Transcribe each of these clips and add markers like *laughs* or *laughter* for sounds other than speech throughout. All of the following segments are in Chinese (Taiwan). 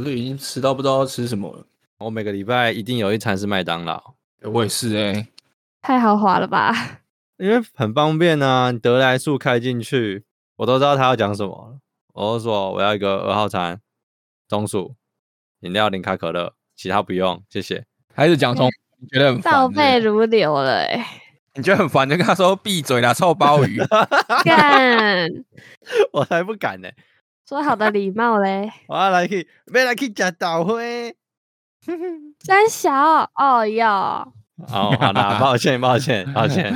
我都已經吃到不知道要吃什麼了。我每個禮拜一定有一餐是麥當勞。我也是哎、欸，太豪華了吧？因為很方便啊，得來速開進去，我都知道他要講什麼了。我都說我要一個二號餐，中薯，飲料零卡可樂，其他不用，謝謝。還是講中，你覺得很煩是不是？倒背如流了、欸、你覺得很煩就跟他說閉嘴啦，臭鮑魚，幹 *laughs* *laughs* 幹 *laughs* 我才不敢呢、欸。說好的禮貌嘞！我要來去，我要來去吃豆花。三 *laughs* 小哦喲！哦，好啦，抱歉，抱歉，抱歉。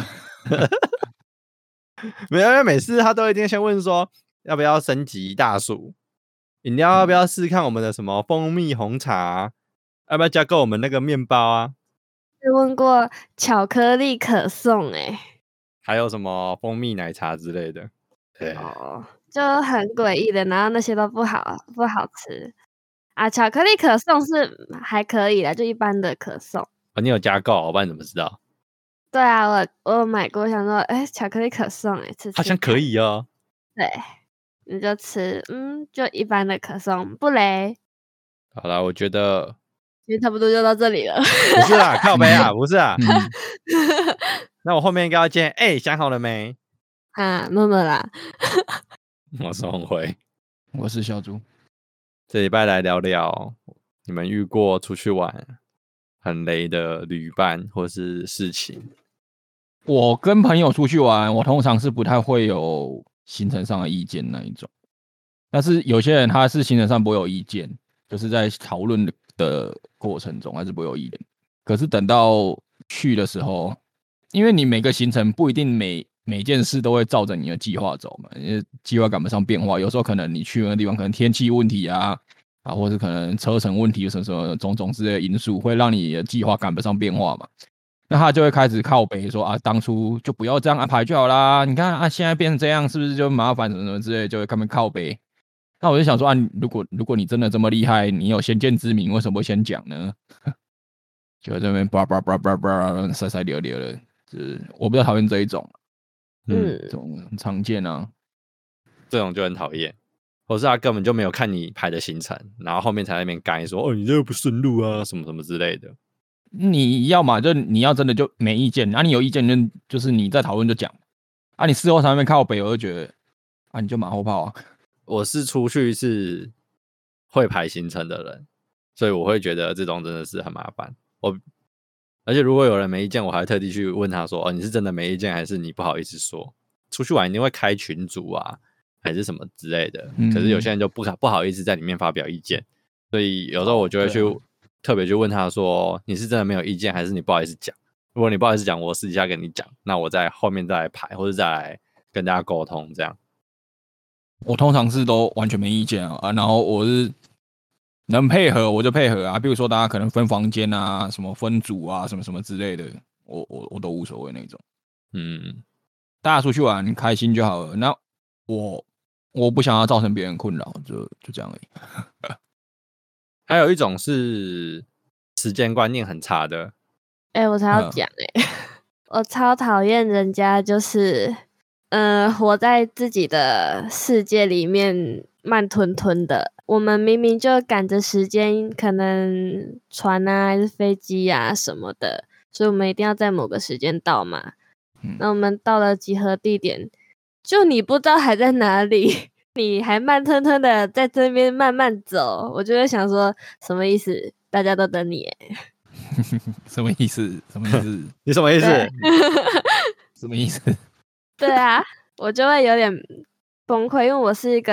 沒有，因為每次他都一定先問說，要不要升級大薯？飲料要不要試試看我們的什麼蜂蜜紅茶？嗯、要不要加購我們那個麵包啊？問過巧克力可頌，哎，還有什麼蜂蜜奶茶之類的？對哦。就很詭異的，然後那些都不好，不好吃啊！巧克力可頌是還可以的，就一般的可頌、啊。你有加購、哦、我，不然怎麼知道？對啊，我我有買過，想說，欸、巧克力可頌、欸，吃,吃好像可以哦。對，你就吃，嗯，就一般的可頌，不雷，好啦，我覺得其實差不多就到這裡了。不是啊，靠北啊，不是啊啦。 *laughs* 那我後面應該要剪哎、欸，想好了沒？啊，默默啦。 *laughs* 我是洪輝，我是小朱。這禮拜來聊聊你們遇過出去玩很雷的旅伴或是事情。我跟朋友出去玩，我通常是不太會有行程上的意見那一種。但是有些人他是行程上不會有意見，就是在討論的過程中還是不會有意見。可是等到去的時候，因為你每個行程不一定每。每件事都會照着你的計劃走嘛，因為計劃趕不上變化。有時候可能你去那個地方，可能天氣問題啊，啊，或者可能車程問題什麼什麼種種之類的因素，會讓你的計劃趕不上變化嘛。那他就會開始靠北說啊，當初就不要這樣安排就好啦。你看啊，現在變成這樣，是不是就麻煩什麼什麼之類，就會開門靠北。那我就想說啊，如果如果你真的這麼厲害，你有先見之明，為什麼不先講呢？ *laughs* 就在那邊叭叭叭叭叭塞塞溜溜的，就是我比較討厭這一種。嗯，這種很常見啊，這種就很討厭。我是他、啊、根本就沒有看你排的行程，然後後面才在那邊改說，哦，你這個不順路啊，什麼什麼之類的。你要嘛，就你要真的就沒意見，那、啊、你有意見、就是，你就就是你在討論就講。啊，你事後才那邊看我背，我就覺得，啊，你就馬後炮啊。我是出去是會排行程的人，所以我會覺得這種真的是很麻煩。我。而且如果有人沒意見，我還特地去問他說：“哦，你是真的沒意見，還是你不好意思說？出去玩一定會開群組啊，還是什麼之類的？”嗯、可是有些人就不敢不好意思在裡面發表意見，所以有時候我就會去、啊、特別去問他說：“你是真的沒有意見，還是你不好意思講？如果你不好意思講，我私底下跟你講，那我在後面再排或者再來跟大家溝通這樣。”我通常是都完全沒意見啊，然後我是。能配合我就配合啊，比如說大家可能分房間啊，什麼分組啊，什麼什麼之類的，我我我都無所謂那種。嗯，大家出去玩開心就好了。那我我不想要造成別人困擾，就就這樣而已。 *laughs* 還有一種是時間觀念很差的。哎、欸，我才要講，哎、欸，我超討厭人家就是，呃，活在自己的世界裡面，慢吞吞的。我們明明就趕着時間，可能船啊還是飛機啊什麼的，所以我們一定要在某個時間到嘛、嗯。那我們到了集合地點，就你不知道還在哪裡，你還慢吞吞的在這邊慢慢走，我就會想說，什麼意思？大家都等你耶？什麼意思？什麼意思？ *laughs* 你什麼意思？ *laughs* 什麼意思？ *laughs* 對啊，我就會有點崩潰，因為我是一個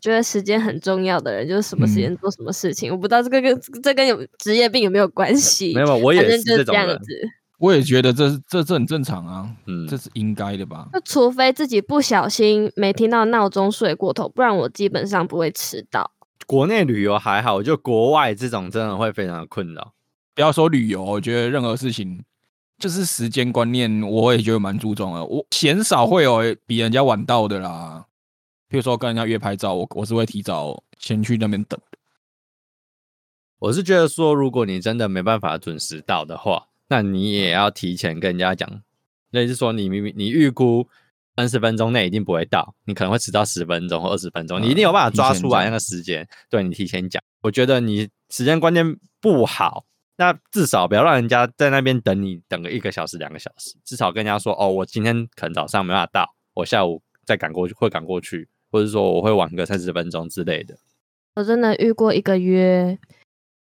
覺得時間很重要的人，就是什麼時間做什麼事情、嗯。我不知道這個跟這個、跟有職業病有沒有關係？沒有，我也是這，是這樣子。我也覺得這是這這很正常啊，嗯，這是應該的吧。那除非自己不小心沒聽到鬧鐘睡過頭，不然我基本上不會遲到。國內旅遊還好，就國外這種真的會非常的困擾。不要說旅遊，我覺得任何事情就是時間觀念，我也覺得蠻注重的。我鮮少會有比人家晚到的啦。比如說跟人家約拍照，我我是會提早先去那邊等。我是覺得說，如果你真的沒辦法準時到的話，那你也要提前跟人家講。也就是說你，你明明你預估三十分鐘內一定不會到，你可能會遲到十分鐘或二十分鐘，你一定有辦法抓出來那個時間，嗯，對你提前講。我覺得你時間觀念不好，那至少不要讓人家在那邊等你等個一個小時兩個小時，至少跟人家說哦，我今天可能早上沒辦法到，我下午再趕過去會趕過去，會趕過去或者說我會晚個三十分鐘之類的。我真的遇過一個約，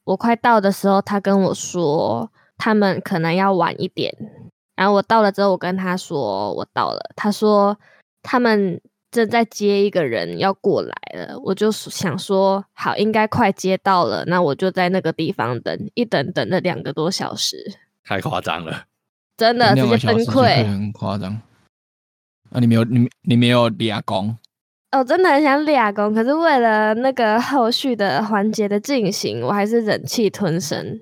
我快到的時候，他跟我說他們可能要晚一點。然後我到了之後，我跟他說我到了，他說他們正在接一個人要過來了。我就想說好，應該快接到了，那我就在那個地方等一等，等了兩個多小時，太誇張了，真的直接崩潰，很誇張。那、啊、你沒有你你沒有打工？我真的很想立功，可是為了那個後續的環節的進行，我還是忍氣吞聲。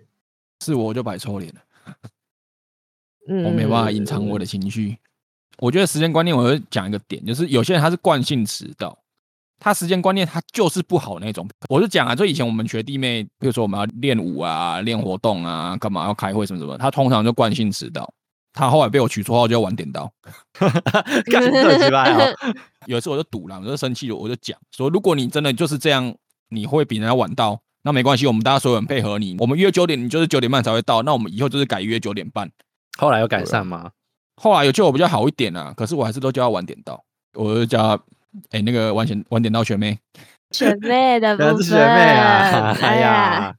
是我就擺臭臉了，嗯，我沒辦法隱藏我的情緒。嗯，我覺得時間觀念，我會講一個點，就是有些人他是慣性遲到，他時間觀念他就是不好那種。我是講啊，就以前我們學弟妹，比如說我們要練舞啊、練活動啊、幹嘛要開會什麼什麼，他通常就慣性遲到。他後來被我取綽號叫晚點到，干你幾有一次我就賭了，我就生氣了，我就講說：如果你真的就是這樣，你會比人家晚到，那沒關係，我們大家所有人配合你，我們約九點，你就是九點半才會到，那我們以後就是改約九點半。後來有改善嗎？後來有叫我比較好一點啦、啊，可是我還是都叫他晚點到，我就叫他哎、欸、那個晚全晚點到全妹，全妹的不是全妹啊，啊哎呀。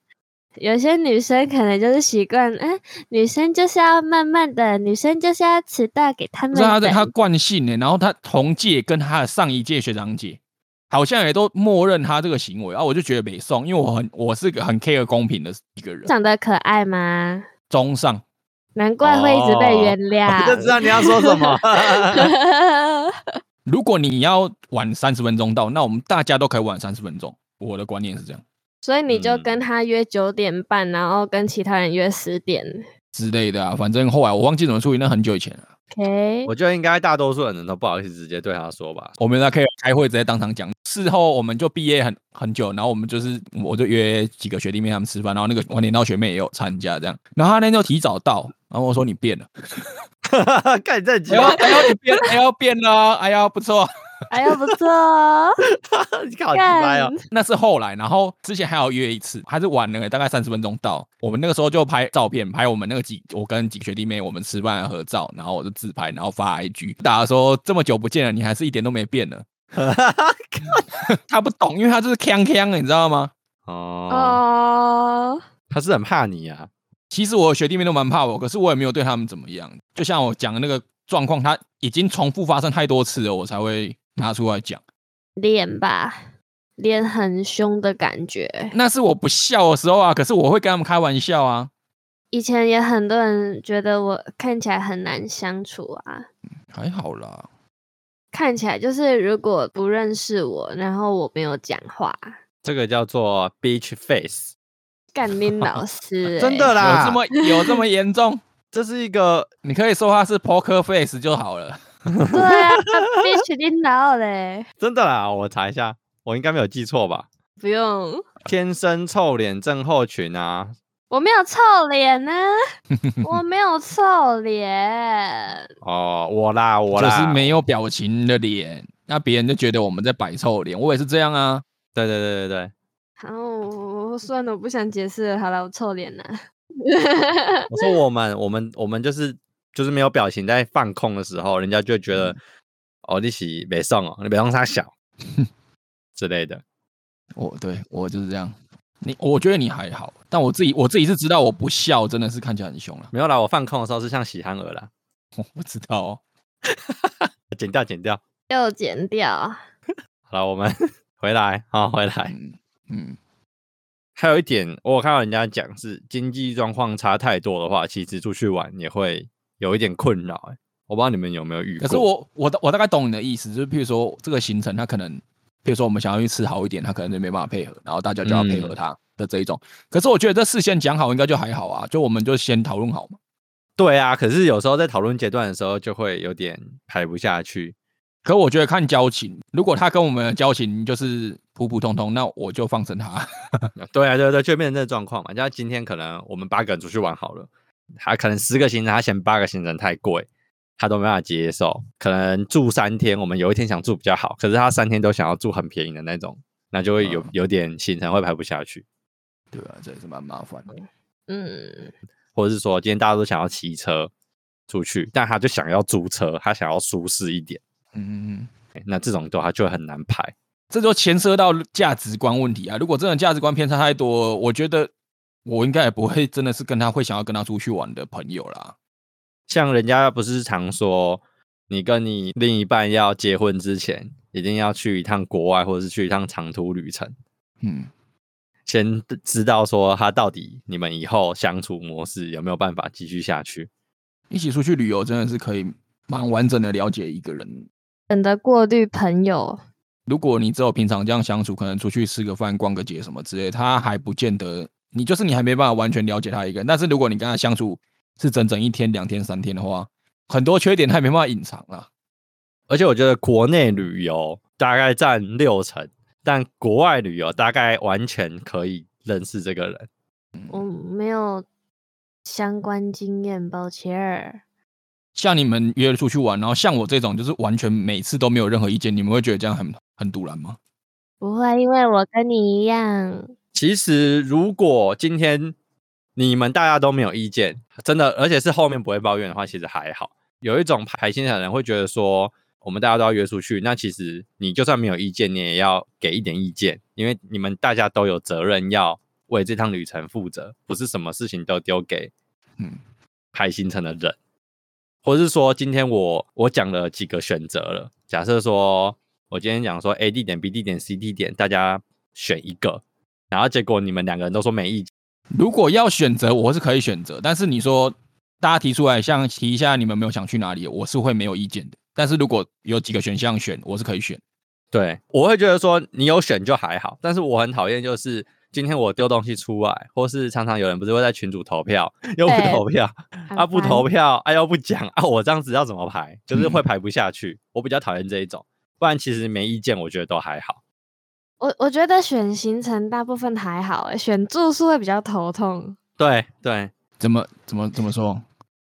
有些女生可能就是習慣，哎、呃，女生就是要慢慢的，女生就是要遲到，給他們，是她的慣性的，然後她同屆跟她的上一屆學長姐好像也都默認她這個行為，啊，我就覺得沒送，因為我很我是個很 care 公平的一個人。長得可愛嗎？中上。難怪會一直被原諒、哦。我就知道你要說什麼。 *laughs* *laughs* 如果你要晚三十分鐘到，那我們大家都可以晚三十分鐘。我的觀念是這樣。所以你就跟他約九點半、嗯，然後跟其他人約十點之類的啊。反正後來我忘記怎麼處理，那很久以前了、啊。OK，我覺得應該大多數人都不好意思直接對他說吧。我們那可以開會直接當場講。事後我們就畢業很很久，然後我們就是我就約幾個學弟妹他們吃飯，然後那個晚點到學妹也有參加這樣。然後他那天就提早到，然後我說你變了，看 *laughs* 你在講、哎，哎 *laughs* 呀你變，還、哎、要變了、哦，哎呀不錯。哎呀，不錯哦！ *laughs* 你看好自拍哦。那是後來，然後之前還有約一次，還是晚了，大概三十分鐘到。我們那個時候就拍照片，拍我們那個幾，我跟幾個學弟妹我們吃飯合照，然後我就自拍，然後發 IG，打說這麼久不見了，你還是一點都沒變呢。 *laughs* *laughs* 他不懂，因為他就是鏘鏘，你知道嗎？哦，他是很怕你啊。其實我學弟妹都蠻怕我，可是我也沒有對他們怎麼樣。就像我講的那個狀況，他已經重複發生太多次了，我才會。拿出來講，臉吧，臉很凶的感覺。那是我不笑的時候啊，可是我會跟他們開玩笑啊。以前也很多人覺得我看起來很難相處啊。嗯、還好啦，看起來就是如果不認識我，然後我沒有講話，這個叫做 beach face。甘霖老師、欸， *laughs* 真的啦，有這麼有這麼嚴重？ *laughs* 這是一個，你可以說他是 poker face 就好了。 *laughs* 對啊，必須領到嘞！真的啦，我查一下，我應該沒有記錯吧？不用，天生臭臉症候群啊！我沒有臭臉啊， *laughs* 我沒有臭臉。哦，oh，我啦，我啦，就是沒有表情的臉，那別人就覺得我們在擺臭臉。我也是這樣啊。對對對對對。好，我算了，我不想解釋了。好了，我臭臉啊。 *laughs* 我說我們，我們，我們就是。就是沒有表情，在放空的時候，人家就會覺得哦，你洗沒送哦，你別送他小 *laughs* 之類的。我對我就是這樣。你我覺得你還好，但我自己我自己是知道，我不笑我真的是看起來很凶了，啊。沒有啦，我放空的時候是像喜汗耳啦。我知道，哦， *laughs* 剪掉，剪掉，又剪掉。好了，我們回來啊，哦，回來嗯。嗯，還有一點，我有看到人家講是經濟狀況差太多的話，其實出去玩也會。有一點困擾哎、欸，我不知道你們有沒有遇過。可是我我我大概懂你的意思，就是譬如說這個行程，他可能，比如說我們想要去吃好一點，他可能就沒辦法配合，然後大家就要配合他的這一種、嗯。可是我覺得這事先講好應該就還好啊，就我們就先討論好嘛。對啊，可是有時候在討論階段的時候就會有點排不下去。可我覺得看交情，如果他跟我們的交情就是普普通通，那我就放生他。 *laughs* 對啊，對，對對，就變成這個狀況嘛。像今天可能我們八個人出去玩好了。他可能十個行程，他嫌八個行程太貴，他都沒辦法接受。可能住三天，我們有一天想住比較好，可是他三天都想要住很便宜的那種，那就會有有點行程會排不下去，嗯、對吧、啊？這也是蠻麻煩的。嗯，或者是說，今天大家都想要騎車出去，但他就想要租車，他想要舒適一點。嗯，那這種的話就很難排，這就牽涉到價值觀問題啊。如果真的價值觀偏差太多，我覺得。我應該也不會真的是跟他會想要跟他出去玩的朋友啦。像人家不是常說，你跟你另一半要結婚之前，一定要去一趟國外或者是去一趟長途旅程，嗯，先知道說他到底，你們以後相處模式有沒有辦法繼續下去。一起出去旅遊真的是可以蠻完整的了解一個人，省得過濾朋友。如果你只有平常這樣相處，可能出去吃個飯、逛個街什麼之類，他還不見得。你就是你還沒辦法完全了解他一個人，但是如果你跟他相處是整整一天、兩天、三天的話，很多缺點他也沒辦法隱藏了啊。而且我覺得國內旅遊大概占六成，但國外旅遊大概完全可以認識這個人。我沒有相關經驗，抱歉。像你們約了出去玩，然後像我這種就是完全每次都沒有任何意見，你們會覺得這樣很很突然嗎？不會，因為我跟你一樣。其實，如果今天你們大家都沒有意見，真的，而且是後面不會抱怨的話，其實還好。有一種排行程的人會覺得說，我們大家都要約出去。那其實你就算沒有意見，你也要給一點意見，因為你們大家都有責任要為這趟旅程負責，不是什麼事情都丟給嗯排行程的人，或是說，今天我我講了幾個選擇了。假設說，我今天講說 A 地點、B 地點、C 地點，大家選一個。然後結果你們兩個人都說沒意見。如果要選擇，我是可以選擇。但是你說大家提出來，像提一下你們沒有想去哪裡，我是會沒有意見的。但是如果有幾個選項選，我是可以選。對，我會覺得說你有選就還好。但是我很討厭就是今天我丟東西出來，或是常常有人不是會在群組投票又不投票，欸，啊不投票，啊又不講啊，我這樣子要怎麼排？就是會排不下去。嗯、我比較討厭這一種。不然其實沒意見，我覺得都還好。我我覺得選行程大部分還好耶，選住宿會比較頭痛。對對，怎麼怎麼怎麼說？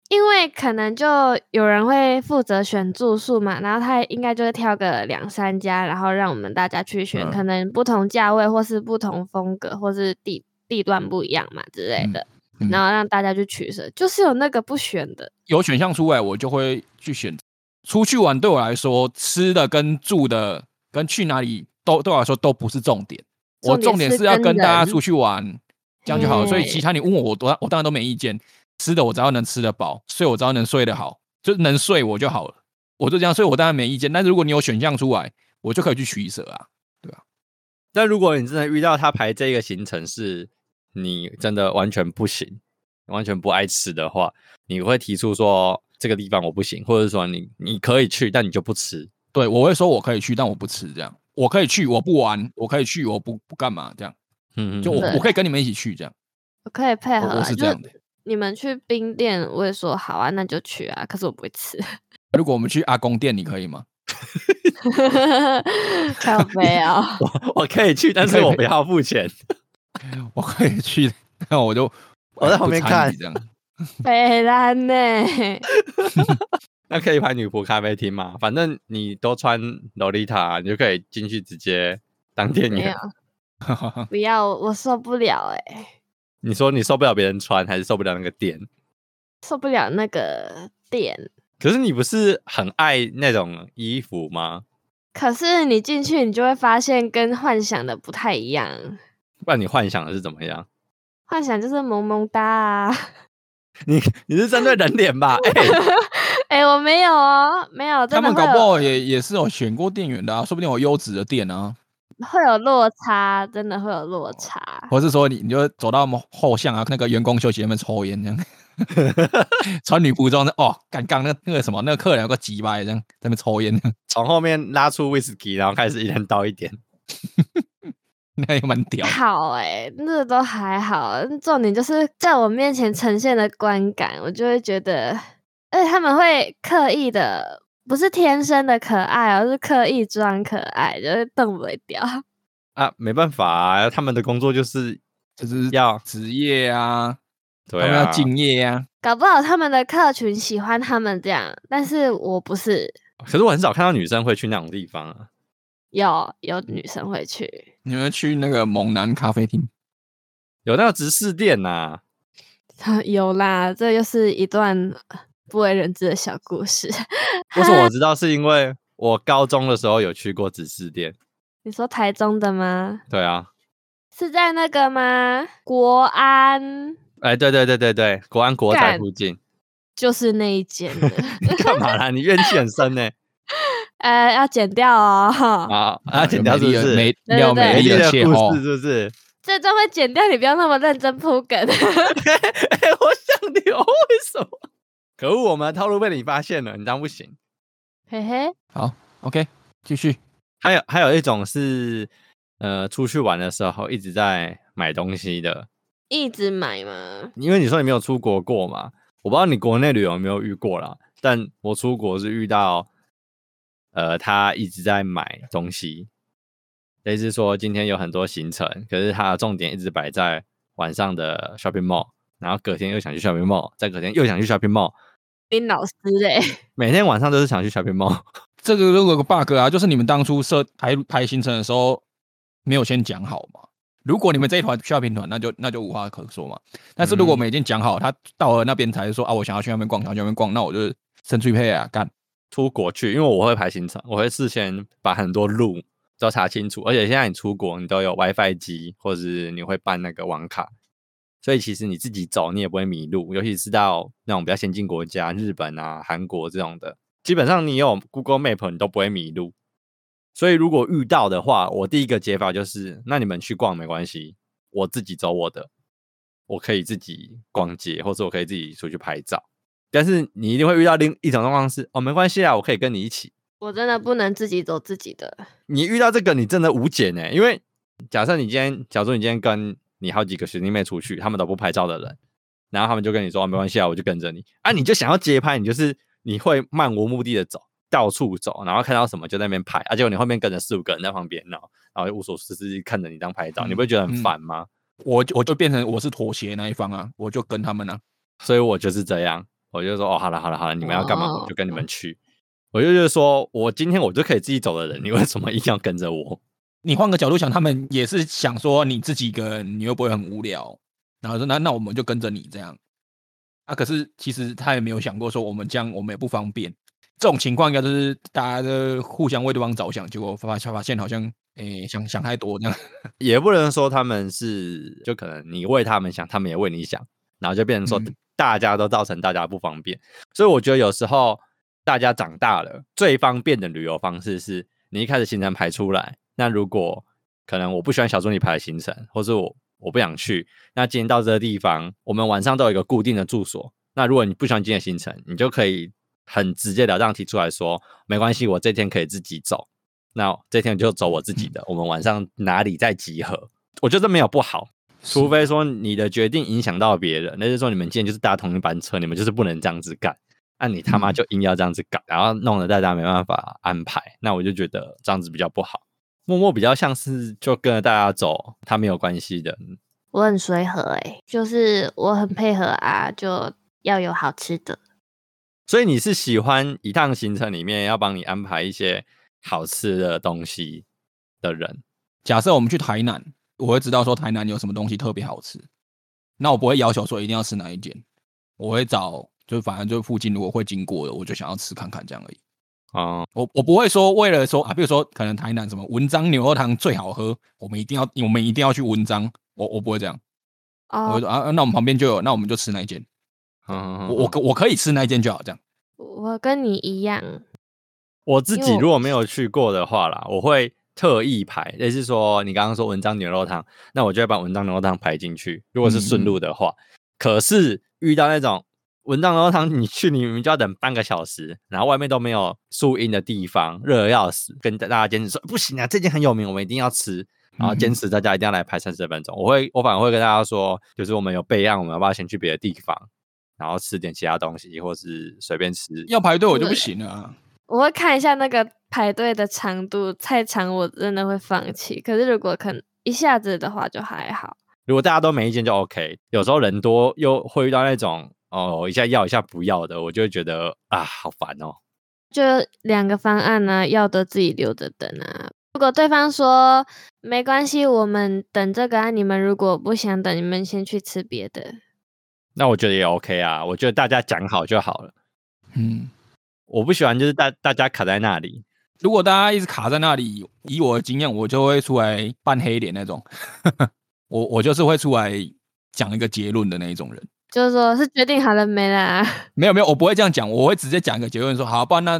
因為可能就有人會負責選住宿嘛，然後他也應該就會挑個兩三家，然後讓我們大家去選，嗯，可能不同價位或是不同風格或是地地段不一樣嘛之類的，嗯嗯，然後讓大家去取捨。就是有那個不選的，有選項出來我就會去選。出去玩對我來說，吃的跟住的跟去哪裡，都對我來說都不是重點，我重點是要跟大家出去玩，這樣就好了。所以其他你問我，我當我當然都沒意見。嗯、吃的我只要能吃得飽，睡我只要能睡得好，就能睡我就好了，我就這樣。所以，我當然沒意見。但是如果你有選項出來，我就可以去取舍啊，對吧？但如果你真的遇到他排這個行程，是你真的完全不行，完全不愛吃的話，你會提出說這個地方我不行，或者說你你可以去，但你就不吃。對，我會說我可以去，但我不吃，這樣。我可以去，我不玩。我可以去，我不不幹嘛這樣。嗯，嗯，嗯、就我我可以跟你們一起去這樣。我可以配合、啊，是這樣的。你們去冰店，我也說好啊，那就去啊。可是我不會吃。如果我們去阿公店，你可以嗎？ *laughs* *laughs* 沒有我，我可以去，但是我不要付錢。可我可以去，那我就我在旁邊看這樣。很難呢。 *laughs* *laughs* 那可以拍女僕咖啡廳嘛？反正你都穿洛麗塔，你就可以進去直接當店員 *laughs* 沒有，不要，我，我受不了哎、欸。你說你受不了別人穿，還是受不了那個店？受不了那個店。可是你不是很愛那種衣服嗎？可是你進去，你就會發現跟幻想的不太一樣。不然你幻想的是怎麼樣？幻想就是萌萌噠、啊。你你是針對人臉吧？ *laughs* 欸 *laughs* 哎、欸，我沒有哦，沒有。有他們搞不好也也是有選過店員的，啊，說不定有優質的店呢、啊。會有落差，真的會有落差。我是說你，你你就走到我們後巷啊，那個員工休息那邊抽菸這樣， *laughs* 穿女僕裝的 *laughs* 哦，剛剛那個那個什麼，那個客人有個雞掰人在那邊抽菸，從後面拉出威士忌，然後開始一人倒一點， *laughs* 那也蠻屌。好哎、欸，那個、都還好。重點就是在我面前呈現的觀感，我就會覺得。而且他們會刻意的，不是天生的可愛，喔，而是刻意裝可愛，就是瞪眉掉啊，沒辦法，啊，他們的工作就是就是要職業啊，對啊，他們要敬業呀，啊。搞不好他們的客群喜歡他們這樣，但是我不是。可是我很少看到女生會去那種地方啊。有有女生會去，你們去那個猛男咖啡廳，有那個直視店吶，啊？ *laughs* 有啦，這就是一段。.不為人知的小故事，為 *laughs* 什麼我知道？是因為我高中的時候有去過指示店。你說台中的嗎？對啊，是在那個嗎？國安？哎、欸，對對對對對，國安國宅附近，就是那一間幹 *laughs* 嘛啦？你怨氣很深呢。 *laughs* 呃，要剪掉哦，好。好，要剪掉是不是？妙有，有，麗的故事是不是？這都、哦、 *laughs* 會剪掉，你不要那麼認真鋪梗、 *laughs* *laughs* 欸。我想你。為什麼？可惡，我們的套路被你發現了，你當不行。嘿嘿，好，OK，繼續。還有還有一種是，呃，出去玩的時候一直在買東西的，一直買嗎？因為你說你沒有出國過嘛，我不知道你國內旅遊有沒有遇過啦，但我出國是遇到，呃，他一直在買東西，類似說今天有很多行程，可是他的重點一直擺在晚上的 shopping mall。然後隔天又想去 shopping mall，再隔天又想去 shopping mall，丁老師嘞、欸，每天晚上都是想去 shopping mall。這個如果有個 bug 啊，就是你們當初設排排行程的時候沒有先講好嘛。如果你們這一團 shopping 團，那就那就無話可說嘛。但是如果我們已經講好，他到了那邊才說啊，我想要去那邊逛，想要去那邊逛，那我就趁機配啊，幹出國去，因為我會排行程，我會事先把很多路都查清楚。而且現在你出國，你都有 WiFi 機，或者是你會辦那個網卡。所以其實你自己走，你也不會迷路。尤其是到那種比較先進國家，日本啊、韓國這樣的，基本上你有 Google Map，你都不會迷路。所以如果遇到的話，我第一個解法就是，那你們去逛沒關係，我自己走我的，我可以自己逛街，或者我可以自己出去拍照。但是你一定會遇到另一種狀況是，哦，沒關係啊，我可以跟你一起。我真的不能自己走自己的。你遇到這個，你真的無解呢？因為假設你今天，假如你今天跟你好幾個學弟妹出去，他們都不拍照的人，然後他們就跟你說、哦、沒關係啊，我就跟着你。啊，你就想要街拍，你就是你會漫無目的的走，到處走，然後看到什麼就在那邊拍，而、啊、且你後面跟着四五個人在旁邊呢，然後，然後無所事事看着你當拍照、嗯，你不會覺得很煩嗎？嗯、我就我就變成我是妥協那一方啊，我就跟他們啊，所以我就是這樣，我就說哦，好了好了好了，你們要幹嘛、哦、我就跟你們去，我就就是說我今天我就可以自己走的人，你為什麼一定要跟着我？你換個角度想，他們也是想說你自己一個人，你又不會很無聊，然後說那那我們就跟着你這樣啊。可是其實他也沒有想過說我們這樣，我們也不方便。這種情況應該就是大家都互相為對方着想，結果發發發現好像誒、欸、想想太多這樣，也不能說他們是就可能你為他們想，他們也為你想，然後就變成說大家都造成大家不方便。嗯、所以我覺得有時候大家長大了，最方便的旅遊方式是你一開始行程排出來。那如果可能，我不喜歡小助理排的行程，或是我我不想去，那今天到這個地方，我們晚上都有一個固定的住所。那如果你不喜歡今天的行程，你就可以很直截了當提出來說，沒關係，我這天可以自己走。那我這天就走我自己的，嗯，我們晚上哪裡再集合，我覺得沒有不好。除非說你的決定影響到別人，那就是說你們今天就是搭同一班車，你們就是不能這樣子幹。那，啊，你他媽就硬要這樣子幹，嗯，然後弄得大家沒辦法安排，那我就覺得這樣子比較不好。默默比較像是就跟着大家走，他沒有關係的。我很隨和哎、欸，就是我很配合啊，就要有好吃的。所以你是喜歡一趟行程裡面要幫你安排一些好吃的東西的人。假設我們去台南，我會知道說台南有什麼東西特別好吃，那我不會要求說一定要吃哪一間，我會找，就反正就附近如果會經過的，我就想要吃看看這樣而已。啊、oh.，我我不會說為了說啊，比如說可能台南什麼文章牛肉湯最好喝，我們一定要我們一定要去文章，我我不會這樣、oh. 會。啊，那我們旁邊就有，那我們就吃那一間、oh.。我可我可以吃那一間就好，這樣。我跟你一樣、嗯，我自己如果沒有去過的話啦，我，我會特意排，類似說你剛剛說文章牛肉湯，那我就會把文章牛肉湯排進去。如果是順路的話、嗯，可是遇到那種。文章肉湯，你去你你就要等半個小時，然後外面都沒有樹蔭的地方，熱的要死。跟大家堅持說不行啊，這間很有名，我們一定要吃。然後堅持大家一定要來排三十分鐘、嗯。我會，我反而會跟大家說，就是我們有備案，我們要不要先去別的地方，然後吃點其他東西，或是隨便吃。要排隊我就不行了，啊。我會看一下那個排隊的長度，太長我真的會放棄。可是如果肯一下子的話，就還好。如果大家都沒意見就 OK。有時候人多又會遇到那種。哦，我一下要一下不要的，我就覺得啊，好煩哦。就兩個方案呢、啊，要的自己留着等啊。如果對方說沒關係，我們等這個啊，你們如果不想等，你們先去吃別的。那我覺得也 OK 啊，我覺得大家講好就好了。嗯，我不喜歡就是大大家卡在那裡。如果大家一直卡在那裡，以我的經驗，我就會出來扮黑臉那種。 *laughs* 我我就是會出來講一個結論的那一種人。就是說，是決定好了沒啦？沒有沒有，我不會這樣講，我會直接講一個結論，說好，不然那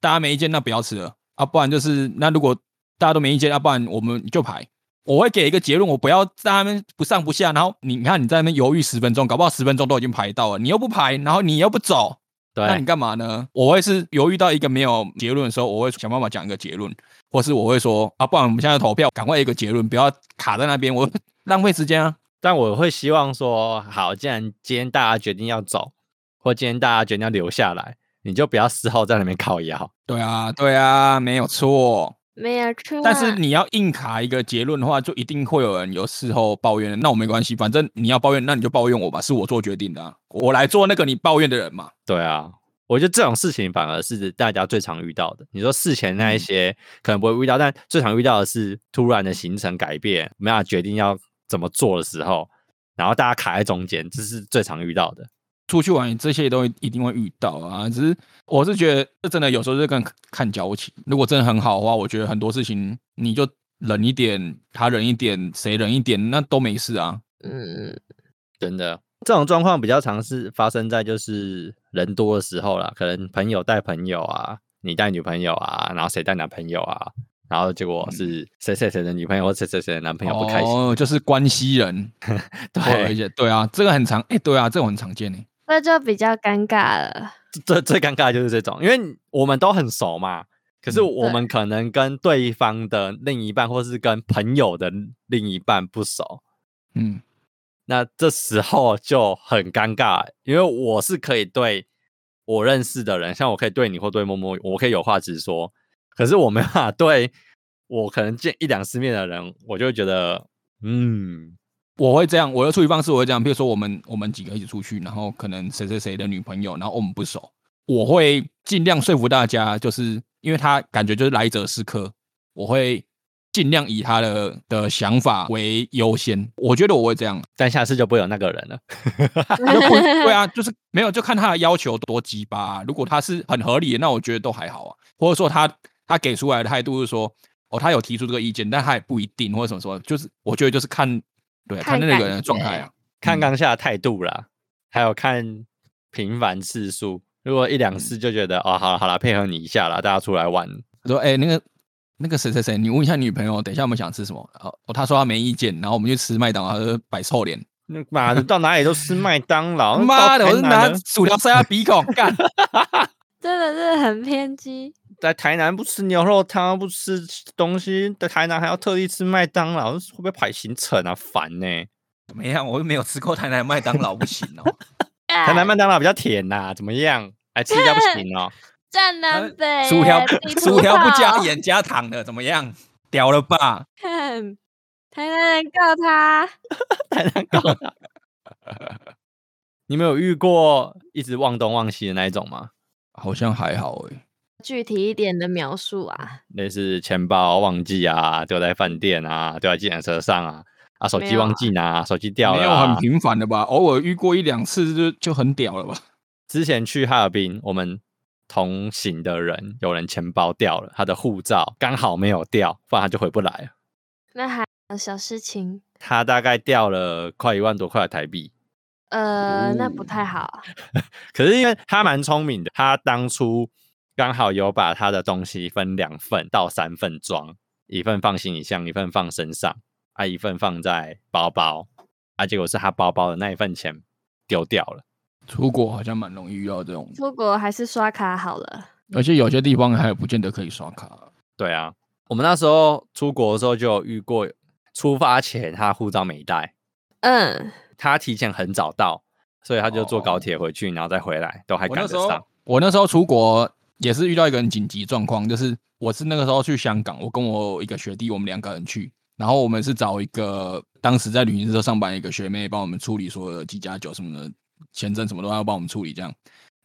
大家沒意見，那不要吃了啊。不然就是，那如果大家都沒意見，那、啊、不然我們就排。我會給一個結論，我不要在那邊不上不下，然後你你看你在那邊猶豫十分鐘，搞不好十分鐘都已經排到了，你又不排，然後你又不走，對，那你幹嘛呢？我會是猶豫到一個沒有結論的時候，我會想辦法講一個結論，或是我會說啊，不然我們現在投票，趕快一個結論，不要卡在那邊，我浪費時間啊。但我會希望說，好，既然今天大家決定要走，或今天大家決定要留下來，你就不要事後在那邊靠腰。對啊，對啊，沒有錯，沒有錯、啊。但是你要硬卡一個結論的話，就一定會有人有事後抱怨。那我沒關係，反正你要抱怨，那你就抱怨我吧，是我做決定的、啊，我來做那個你抱怨的人嘛。對啊，我覺得這種事情反而是大家最常遇到的。你說事前那一些可能不會遇到、嗯，但最常遇到的是突然的行程改變，沒辦法決定要。怎麼做的時候，然後大家卡在中間，這是最常遇到的。出去玩這些東西一定會遇到啊，只是我是覺得這真的有時候是跟看交情。如果真的很好的話，我覺得很多事情你就忍一點，他忍一點，誰忍一點，那都沒事啊。嗯，真的，這種狀況比較常是發生在就是人多的時候啦，可能朋友帶朋友啊，你帶女朋友啊，然後誰帶男朋友啊。然後結果是誰誰誰的女朋友或誰誰誰的男朋友不開心，哦、就是關係人， *laughs* 對 *laughs* 對啊，這個很常，哎，對啊，這種很常見誒，那就比較尷尬了。這最，最尷尬的就是這種，因為我們都很熟嘛，可是我們可能跟對方的另一半或是跟朋友的另一半不熟，嗯，那這時候就很尷尬，因為我是可以對我認識的人，像我可以對你或對默默，我可以有話直說。可是我們啊，對我可能見一兩次面的人，我就覺得，嗯，我會這樣，我的處理方式我會這樣，比如說，我們我們幾個一起出去，然後可能誰誰誰的女朋友，然後我們不熟，我會盡量說服大家，就是因為他感覺就是來者是客，我會盡量以他的的想法為優先。我覺得我會這樣，但下次就不會有那個人了。 *laughs* *laughs* 對啊，就是沒有，就看他的要求多雞巴啊。如果他是很合理的，那我覺得都還好啊。或者說他。他給出來的態度是說，哦，他有提出這個意見，但他也不一定或者什麼什麼，就是我覺得就是看對看那個人的狀態啊，看剛下的態度啦、嗯，還有看頻繁次數。如果一兩次就覺得、嗯、哦，好了好了，配合你一下啦，大家出來玩。他說：“哎、欸，那個那個誰誰誰，你問一下女朋友，等一下我們想吃什麼。哦”哦，他說他沒意見，然後我們就吃麥當勞、擺臭臉。那媽的，到哪裡都吃麥當勞，媽 *laughs* 的，我是拿薯條塞他鼻孔，幹 *laughs* 真的是很偏激。在台南不吃牛肉湯，不吃東西在台南還要特地吃麥當勞，會不會排行程啊？煩呢、欸？怎麼樣？我又沒有吃過台南麥當勞，不行哦。 *laughs* 台南麥當勞比較甜吶、啊，怎麼樣？來、哎、吃一下不行哦。占南北，薯條，薯條不加鹽加糖的，怎麼樣？屌了吧？哼、嗯，台南人告他， *laughs* 台南告他。 *laughs* 你們有遇過一直忘東忘西的那一種嗎？好像還好哎、欸。具體一點的描述啊，類似錢包忘記啊，丟在飯店啊，丟在計程車,車上啊，啊，手機忘記拿，啊、手機掉了、啊，沒有很頻繁的吧？偶爾遇過一兩次就就很屌了吧？之前去哈爾濱，我們同行的人有人錢包掉了，他的護照剛好沒有掉，不然他就回不來。那還有小事情，他大概掉了快一萬多塊台幣。呃，那不太好。 *laughs* 可是因為他蠻聰明的，他當初。剛好有把他的東西分兩份到三份裝，一份放行李箱，一份放身上，啊，一份放在包包，啊，結果是他包包的那一份錢丟掉了。出國好像蠻容易遇到這種，出國還是刷卡好了，而且有些地方還不見得可以刷卡。對啊，我們那時候出國的時候就有遇過，出發前他護照沒帶，嗯，他提前很早到，所以他就坐高鐵回去，哦、然後再回來都還趕得上。我那時候,我那時候出國。也是遇到一個很緊急狀況，就是我是那個時候去香港，我跟我一個學弟，我們兩個人去，然後我們是找一個當時在旅行社上班一個學妹幫我們處理說，機加酒、什麼的簽證什麼都要幫我們處理這樣，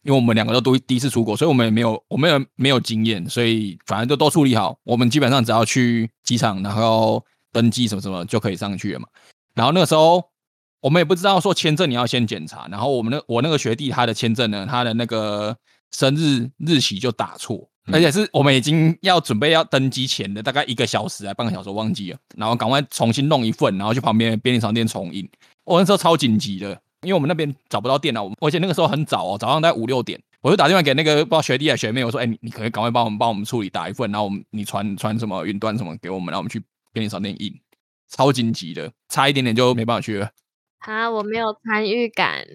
因為我們兩個都第一次出國，所以我們也沒有，我們也沒有經驗，所以反正就都處理好，我們基本上只要去機場，然後登記什麼什麼就可以上去了嘛。然後那個時候我們也不知道說簽證你要先檢查，然後我們那，我那個學弟他的簽證呢，他的那個。生日日期就打錯，嗯，而且是我們已經要準備要登機前的大概一個小時啊，還半個小時，我忘記了，然後趕快重新弄一份，然後去旁邊便利商店重印。我那時候超緊急的，因為我們那邊找不到電腦，我們而且那個時候很早哦，早上在五六點，我就打電話給那個不知道學弟還是學妹，我說：“哎、欸，你可不可以趕快幫我們幫我們處理打一份，然後我們你傳傳什麼雲端什麼給我們，然後我們去便利商店印，超緊急的，差一點點就沒辦法去了。啊”好，我沒有參與感，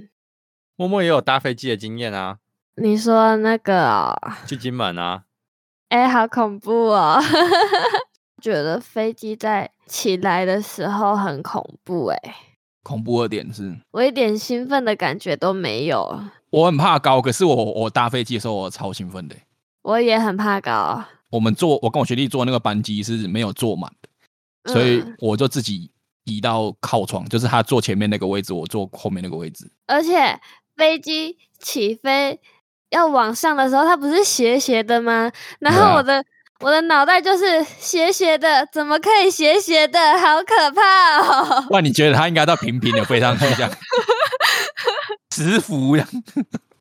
默默也有搭飛機的經驗啊。你說那個去金門啊？哎，好恐怖哦、喔！ *laughs* 覺得飛機在起來的時候很恐怖哎。恐怖的點是，我一點興奮的感覺都沒有。我很怕高，可是我我搭飛機的時候我超興奮的。我也很怕高。我們坐，我跟我學弟坐那個班機是沒有坐滿。所以我就自己移到靠窗，就是他坐前面那個位置，我坐後面那個位置。而且飛機起飛，要往上的時候，它不是斜斜的嗎？然後我的、yeah. 我的腦袋就是斜斜的，怎麼可以斜斜的？好可怕、哦！哇，你覺得它應該到平平的，飛上去這樣子， *laughs* 直浮這樣。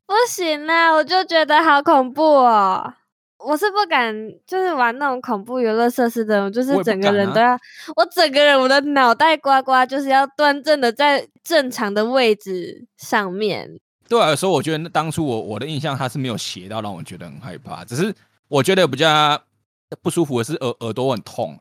不行啊，我就覺得好恐怖、哦，我是不敢，就是玩那種恐怖遊樂設施的，我就是整個人都要，我也不敢啊、我整個人我的腦袋瓜瓜就是要端正的在正常的位置上面。對啊，所以我覺得那當初我我的印象，它是沒有斜到讓我覺得很害怕。只是我覺得比較不舒服的是耳耳朵很痛。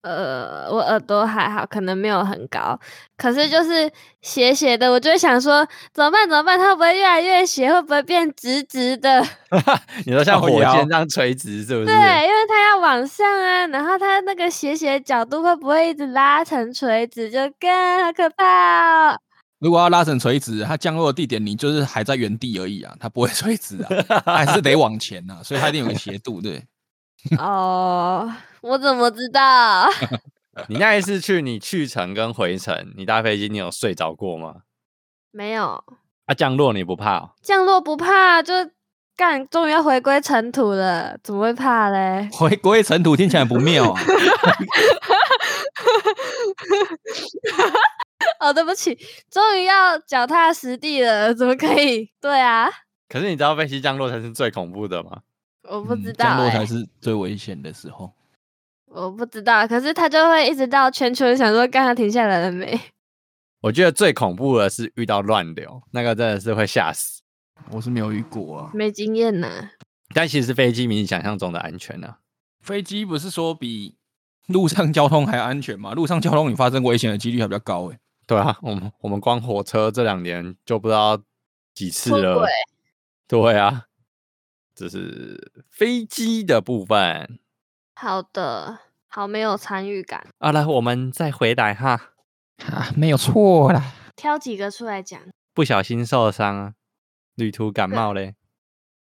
呃，我耳朵還好，可能沒有很高，可是就是斜斜的，我就想說怎麼辦？怎麼辦？它會不會越來越斜，會不會變直直的？ *laughs* 你說像火箭這樣垂直是不是？對，因為它要往上啊，然後它那個斜斜的角度會不會一直拉成垂直，就更好可怕哦。如果要拉成垂直，它降落的地點你就是還在原地而已啊，它不會垂直啊，它還是得往前啊。所以它一定有個斜度，對。 *laughs* 哦，我怎麼知道？ *laughs* 你那一次去，你去程跟回程，你搭飛機，你有睡着過嗎？沒有。啊，降落你不怕哦？降落不怕，就幹，終於要回歸塵土了，怎麼會怕嘞？回歸塵土聽起來不妙啊。哦，對不起，終於要腳踏實地了，怎麼可以？對啊，可是你知道飛機降落才是最恐怖的嗎？我不知道、嗯，降落才是最危險的時候、欸。我不知道，可是他就會一直到圈圈。想說剛剛停下來了沒？我覺得最恐怖的是遇到亂流，那個真的是會嚇死。我是沒有遇過啊，沒經驗啊。但其實飛機比你想象中的安全啊。飛機不是說比路上交通還安全嗎？路上交通你發生危險的幾率還比較高、欸對啊，我們我們光火車這兩年就不知道幾次了。對啊，這是飛機的部分。好的，好沒有參與感。好、啊、了，我們再回來哈。啊，沒有錯啦。挑幾個出來講。不小心受傷，旅途感冒嘞。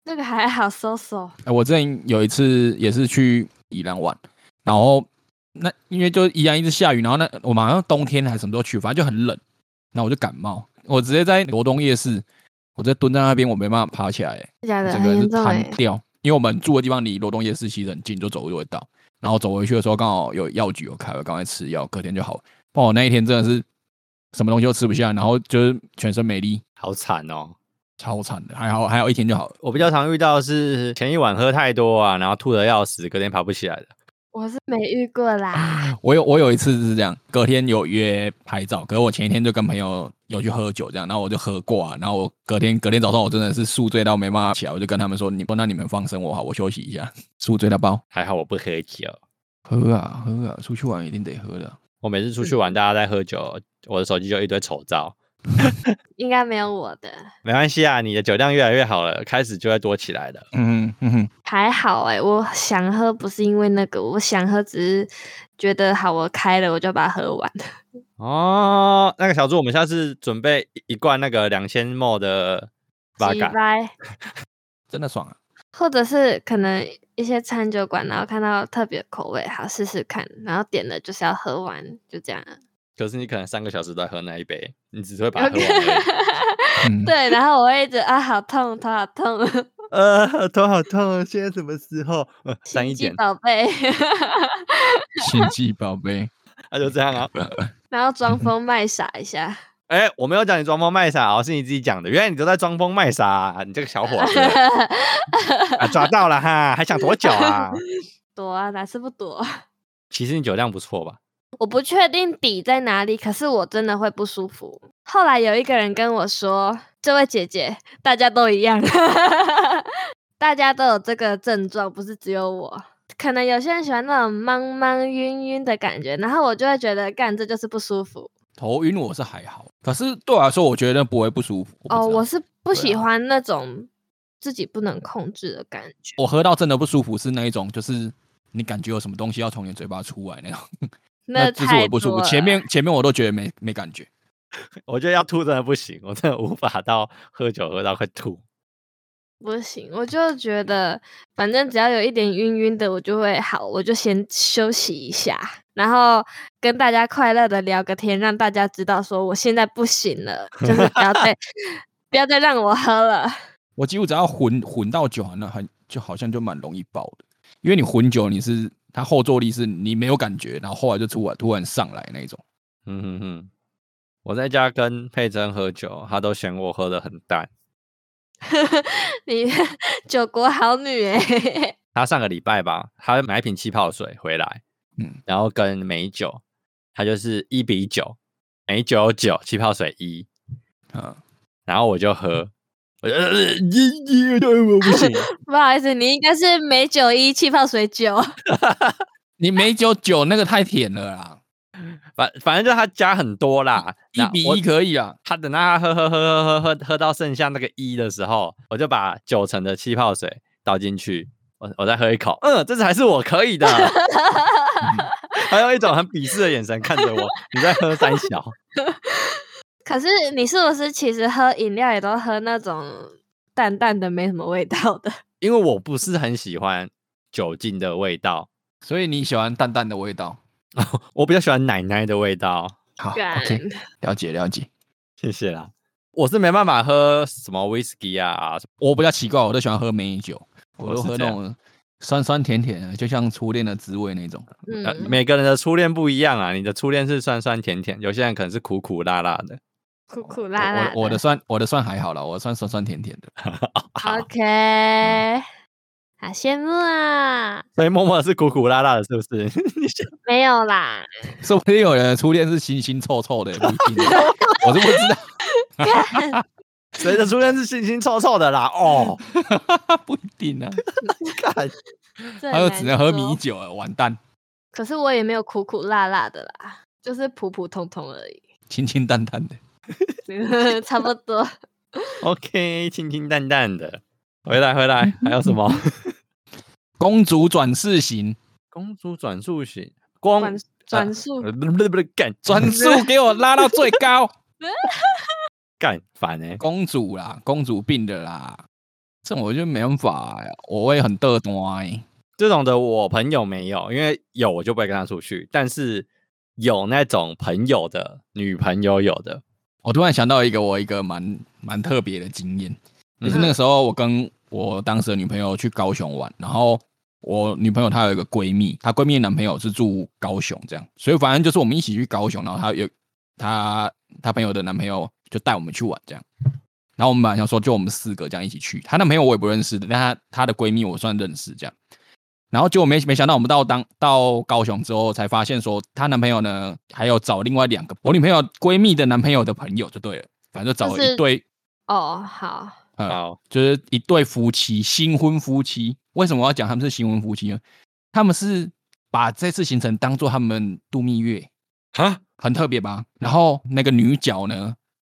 那個還好，搜索。哎、呃，我之前有一次也是去宜蘭玩，然後。那因為就一樣一直下雨，然後那我馬上冬天還是什麼時候去，反正就很冷，然後我就感冒，我直接在羅東夜市，我直接蹲在那邊，我沒辦法爬起來、欸，真的，整個人癱掉、欸。因為我們住的地方離羅東夜市其實很近，就走路就會到。然後走回去的時候剛好有藥局有開，我趕快吃藥，隔天就好了。不然我那一天真的是什麼東西都吃不下，然後就是全身沒力，好慘哦，超慘的。還好還有一天就好了。我比較常遇到是前一晚喝太多啊，然後吐得要死，隔天爬不起來的。我是沒遇過啦，啊、我有我有一次是這樣，隔天有約拍照，可是我前一天就跟朋友有去喝酒這樣，然後我就喝過啊，然後我隔天隔天早上我真的是宿醉到沒辦法起來，我就跟他們說，你不那你們放生我好，我休息一下，宿醉到爆。還好我不喝酒，喝啊喝啊，出去玩一定得喝的，我每次出去玩大家在喝酒，嗯、我的手機就一堆醜照。 *laughs* 應該沒有我的，沒關係啊。你的酒量越來越好了，開始就會多起來的。嗯哼、嗯嗯，還好哎、欸，我想喝不是因為那個，我想喝只是覺得好，我開了我就把它喝完。哦，那個小豬，我們下次準備一罐那個兩千 ml 的巴，幾杯， *laughs* 真的爽啊！或者是可能一些餐酒館，然後看到特別口味，好試試看，然後點了就是要喝完，就這樣。可是你可能三個小時都在喝那一杯，你只會把它喝完。 *laughs* 對，然後我會一直啊，好痛，頭好痛。呃，頭好,好痛，現在什麼時候？三、呃、一點。心機寶貝，心機寶貝，那就這樣啊。然後裝瘋賣傻一下。哎、 *laughs* 欸，我沒有叫你裝瘋賣傻、哦，是你自己講的。原來你都在裝瘋賣傻、啊，你這個小伙子， *laughs* 啊、抓到了哈、啊，還想躲酒啊？躲啊，哪次不躲？其實你酒量不錯吧？我不確定底在哪裡，可是我真的會不舒服。後來有一個人跟我說：“這位姐姐，大家都一樣， *laughs* 大家都有這個症狀，不是只有我。可能有些人喜歡那種茫茫暈暈的感覺，然後我就會覺得幹，這就是不舒服。頭暈我是還好，可是對我來說，我覺得不會不舒服。哦，我是不喜歡不那種自己不能控制的感覺。我喝到真的不舒服是那一種，就是你感覺有什麼東西要從你嘴巴出來那種。”那其實我不舒服。前面前面我都覺得沒沒感覺，我覺得要吐真的不行，我真的無法到喝酒喝到會吐。不行，我就覺得反正只要有一點暈暈的，我就會好，我就先休息一下，然後跟大家快樂的聊個天，讓大家知道說我現在不行了，就是不要再 *laughs* 不要再讓我喝了。我幾乎只要混混到酒，那很就好像就蠻容易爆的，因為你混酒你是。他後坐力是你沒有感覺，然後後來就突然突然上來那種。嗯嗯嗯，我在家跟佩珍喝酒，她都嫌我喝的很淡。呵呵，你酒國好女哎、欸！他上個禮拜吧，他買一瓶氣泡水回來，嗯，然後跟美酒，他就是一比 9, 一比九，美酒九，氣泡水一。嗯，然後我就喝。嗯呃，我不行笑不好意思，你應該是美酒一，氣泡水九。 *laughs* *laughs* 你美酒九那個太甜了啦，反反正就他加很多啦，一比一可以啊。他等他喝喝喝喝喝喝喝到剩下那個一的時候，我就把九成的氣泡水倒進去，我我再喝一口。嗯，這次還是我可以的。他 *laughs* *laughs* 有一種很鄙視的眼神看着我，你在喝三小。 *laughs* 可是你是不是其實喝飲料也都喝那種淡淡的、沒什麼味道的？因為我不是很喜歡酒精的味道，所以你喜歡淡淡的味道。 *laughs* 我比較喜歡奶奶的味道。好，好、okay、了解了解，謝謝啦。我是沒辦法喝什麼威士忌啊，啊，我比較奇怪，我都喜歡喝美酒，我，我都喝那種酸酸甜甜的，就像初戀的滋味那種。嗯呃、每個人的初戀不一樣啊，你的初戀是酸酸甜甜，有些人可能是苦苦辣辣的。苦苦辣，辣。我的酸，我的酸還好啦，我算酸酸甜甜的。 *laughs* OK，好羨慕啊！所以默默是苦苦辣辣的，是不是 *laughs* 沒有啦，說不定有人的初戀是腥腥臭臭的，的 *laughs* 我都不知道。誰的初戀是腥腥臭臭的啦？哦， *laughs* 不一定啊。他 *laughs* 干 *laughs* 又只能喝米酒了，完蛋。 *laughs* 可是我也沒有苦苦辣辣的啦，就是普普通通而已，清清淡淡的。 *laughs* 差不多。OK，清清淡淡的，回來回來，還有什麼？ *laughs* 公主轉世型，公主轉速型公，光轉速，不對不對，不對，幹轉速給我拉到最高！幹煩哎，公主啦，公主病的啦，這我就沒辦法呀，我也很嘚瑟。這種的我朋友沒有，因為有我就不會跟他出去，但是有那種朋友的女朋友有的。我突然想到一個我一個蠻蠻特別的經驗，嗯，就是那個時候我跟我當時的女朋友去高雄玩，然後我女朋友她有一個閨蜜，她閨蜜的男朋友是住高雄這樣，所以反正就是我們一起去高雄，然後她有她她朋友的男朋友就帶我們去玩這樣，然後我們本來想說就我們四個這樣一起去，她男朋友我也不認識的，但她她的閨蜜我算認識這樣。然後結果沒沒想到，我們到當到高雄之後，才發現說她男朋友呢，還有找另外兩個我女朋友閨蜜的男朋友的朋友就對了，反正就找了一對哦、就是呃 oh, 好，好就是一對夫妻，新婚夫妻。為什麼我要講他們是新婚夫妻呢？他們是把這次行程當做他們度蜜月啊，huh? 很特別吧？然後那個女角呢，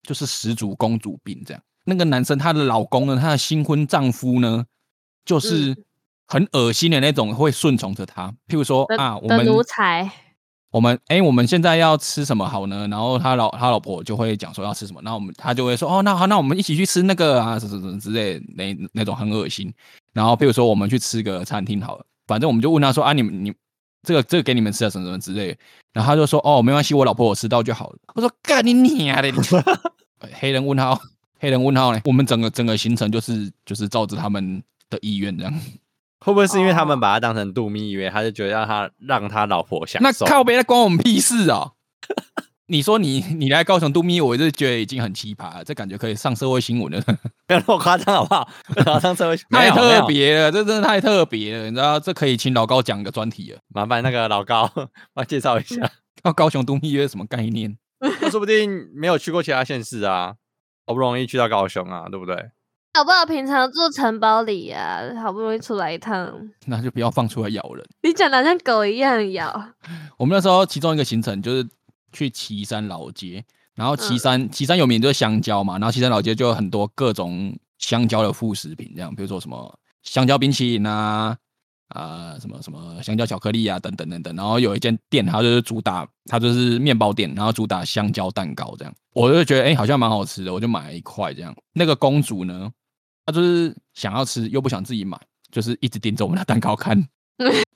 就是十足公主病這樣。那個男生他的老公呢，他的新婚丈夫呢，就是。嗯很惡心的那種，會順從着他。譬如說啊，我們奴才，我們哎、欸，我們現在要吃什麼好呢？然後他老他老婆就會講說要吃什麼，然後我們他就會說哦，那好，那我們一起去吃那個啊，什麼什麼之類的，那那種很惡心。然後譬如說我們去吃個餐廳好了，反正我們就問他說啊，你們你這個這個給你們吃了，什麼什麼之類的。然後他就說哦，沒關係，我老婆我吃到就好了。我說幹你娘的， *laughs* *laughs* 黑人問號，黑人問號咧，我們整個整個行程就是就是照着他們的意願這樣。會不會是因為他們把他當成度蜜月，哦、他就覺得讓他讓他老婆享受。那那靠北那關我們屁事啊、哦！ *laughs* 你說你你來高雄度蜜月，我就覺得已經很奇葩了，這感覺可以上社會新聞了， *laughs* 不要那麼誇張好不好？不要要上社會新 *laughs* 太特別了，這真的太特別了，你知道這可以請老高講個專題了，麻煩那個老高 *laughs* 我來介紹一下，高雄度蜜月是什麼概念？ *laughs* 說不定沒有去過其他縣市啊，好不容易去到高雄啊，對不對？好不好？平常住城堡裡呀、啊，好不容易出來一趟，那就不要放出來咬人。你講的好像狗一樣咬。我們那時候其中一個行程就是去旗山老街，然後旗山旗、嗯、山有名就是香蕉嘛，然後旗山老街就有很多各種香蕉的副食品，這樣比如說什麼香蕉冰淇淋啊，啊什麼什麼香蕉巧克力啊，等等等等。然後有一間店，它就是主打，它就是麵包店，然後主打香蕉蛋糕這樣。我就覺得哎、欸，好像蠻好吃的，我就買了一塊這樣。那個公主呢？他、啊、就是想要吃，又不想自己買，就是一直盯着我們的蛋糕看。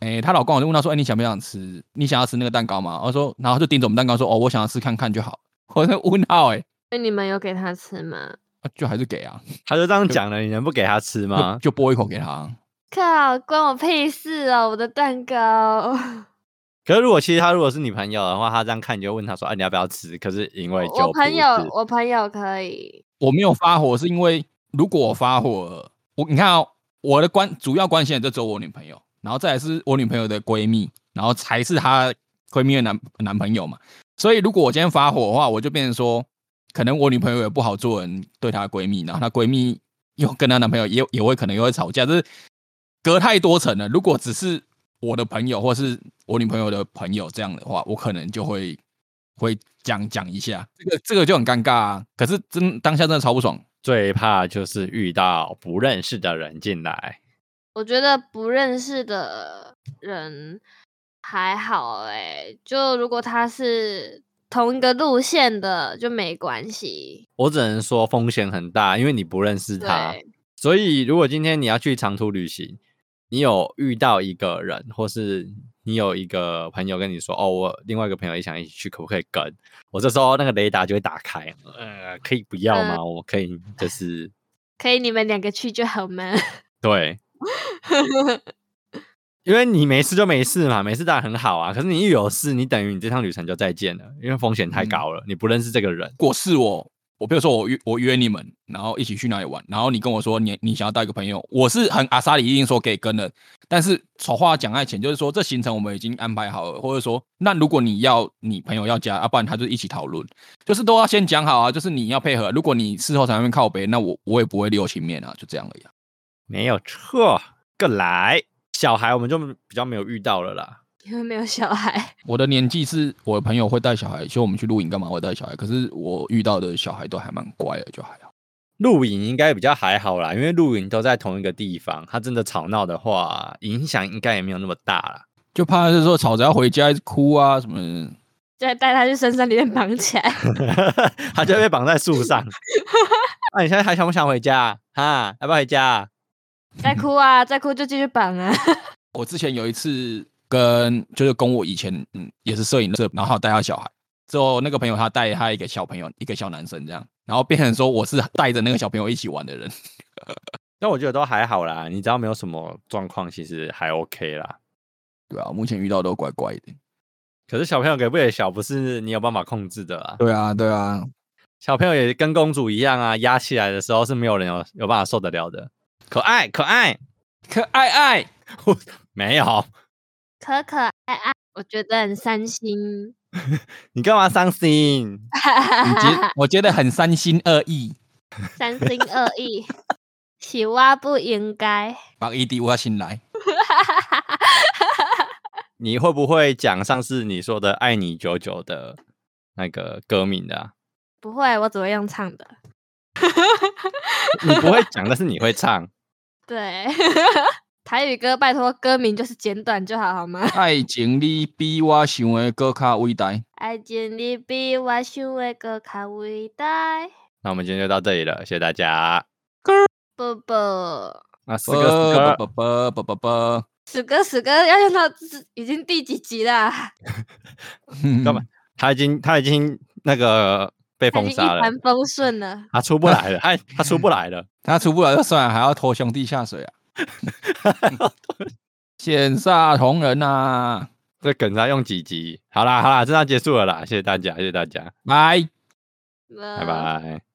哎、 *laughs* 欸，他老公我就問他說：“哎、欸，你想不想吃？你想要吃那個蛋糕嗎？”我說：“然後就盯着我們蛋糕說，哦，我想要吃，看看就好。我就問好欸”我在問號哎？那你們有給他吃嗎？啊，就還是給啊，他就這樣講了，你能不給他吃嗎？就撥一口給他。靠，關我屁事哦、啊，我的蛋糕。可是如果其實他如果是女朋友的話，他這樣看你就問他說：“哎、啊，你要不要吃？”可是因為就是我朋友，我朋友可以。我沒有發火是因為。如果我發火了，我你看哦，我的關主要關心的就是只有我女朋友，然後再來是我女朋友的閨蜜，然後才是她閨蜜的男男朋友嘛。所以如果我今天發火的話，我就變成說，可能我女朋友也不好做人，對她閨蜜，然後她閨蜜又跟她男朋友也也會可能又會吵架，就是隔太多層了。如果只是我的朋友或是我女朋友的朋友這樣的話，我可能就會會講講一下，這個這個就很尷尬啊。可是真當下真的超不爽。最怕就是遇到不認識的人進來。我覺得不認識的人還好誒、欸。就如果他是同一個路線的，就沒關係。我只能說風險很大，因為你不認識他。所以如果今天你要去長途旅行，你有遇到一個人，或是。你有一個朋友跟你說：“哦，我另外一個朋友也想一起去，可不可以跟？”我這時候那個雷達就會打開。呃，可以不要嗎？呃、我可以，就是可以，你們兩個去就好嗎？對， *laughs* 因為你沒事就沒事嘛，沒事當然很好啊。可是你一有事，你等於你這趟旅程就再見了，因為風險太高了，嗯、你不認識這個人。果是我。我比如說我約我約你們，然後一起去哪裡玩，然後你跟我說你你想要帶一個朋友，我是很阿莎里一定說可以跟的，但是醜話講在前，就是說這行程我們已經安排好了，或者說那如果你要你朋友要加啊，不然他就一起討論，就是都要先講好啊，就是你要配合，如果你事後才會靠北，那我我也不會留情面啊，就這樣而已啊。沒有錯，再來，小孩我們就比較沒有遇到了啦。因為沒有小孩，我的年紀是我的朋友會帶小孩，所以我們去露營幹嘛會帶小孩。可是我遇到的小孩都還蠻乖的，就還好。露營應該比較還好啦，因為露營都在同一個地方，他真的吵鬧的話，影響應該也沒有那麼大了。就怕是說吵着要回家哭啊什麼，再就帶他去深山裡面綁起來， *laughs* 他就被綁在樹上。那、 *laughs* 啊、你現在還想不想回家？哈、啊，要不要回家？再哭啊！再哭就繼續綁啊！ *laughs* 我之前有一次。跟就是跟我以前嗯也是攝影社，然後他帶他小孩之後，那個朋友他帶他一個小朋友，一個小男生這樣，然後變成說我是帶着那個小朋友一起玩的人。 *laughs* 但我覺得都還好啦，你知道沒有什麼狀況，其實還 OK 啦。對啊，目前遇到都怪怪的。可是小朋友給不給小，不是你有辦法控制的啊。對啊，對啊，小朋友也跟公主一樣啊，壓起來的時候是沒有人有有辦法受得了的。可愛，可愛，可愛愛， *laughs* 沒有。可可愛愛，我覺得很傷心。 *laughs* 你幹嘛傷心 *laughs* 我覺得很三心二意。三心二意 *laughs* 是我不應該。把 ED 挖進來。你會不會講上次你說的“愛你久久”的那個歌名的啊？不會，我只會用唱的。 *laughs* 你不會講，但是你會唱。 *laughs* 對。台語歌，拜託，歌名就是簡短就好，好嗎？愛情你比我想的更卡偉大。愛情你比我想的更卡偉大。那我們今天就到這裡了，謝謝大家。啵啵。那、呃、四哥，四、呃呃、哥，啵啵啵啵啵。四、呃呃、哥，四、呃哥，呃、哥，哥，要用到已經第幾集了、啊？哥 *laughs* 嘛他？他已經，他已經那個被封殺了，封順了，他出不來了，他、 *laughs* 哎、他出不來了， *laughs* 他出不來就算了，還要拖兄弟下水啊！劍 *laughs* *laughs* *laughs* 煞同人啊，這梗要用幾集？好啦好啦，這下結束了啦，謝謝大家，謝謝大家，拜拜拜拜。